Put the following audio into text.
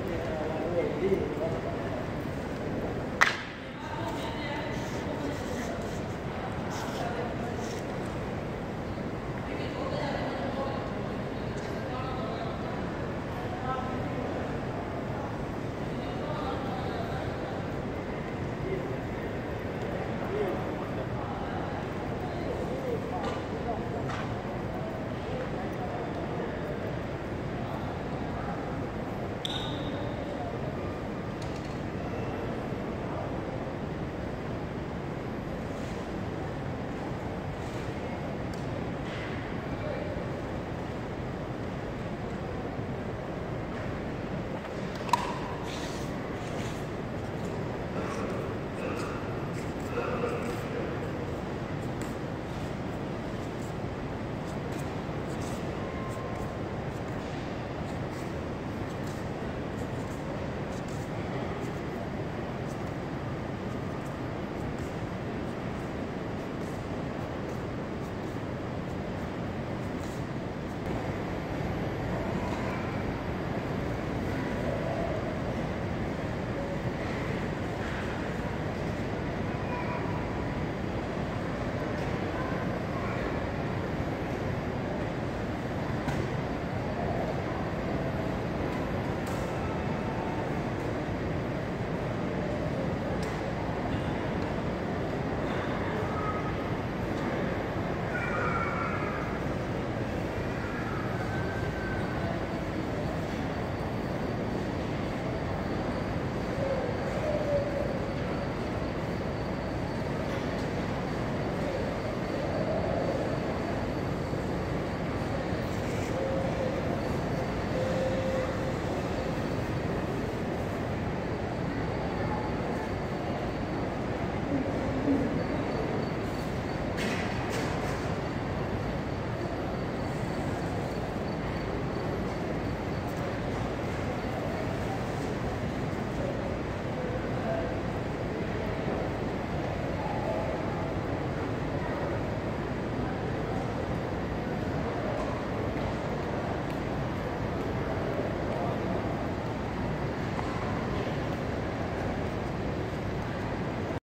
que, que,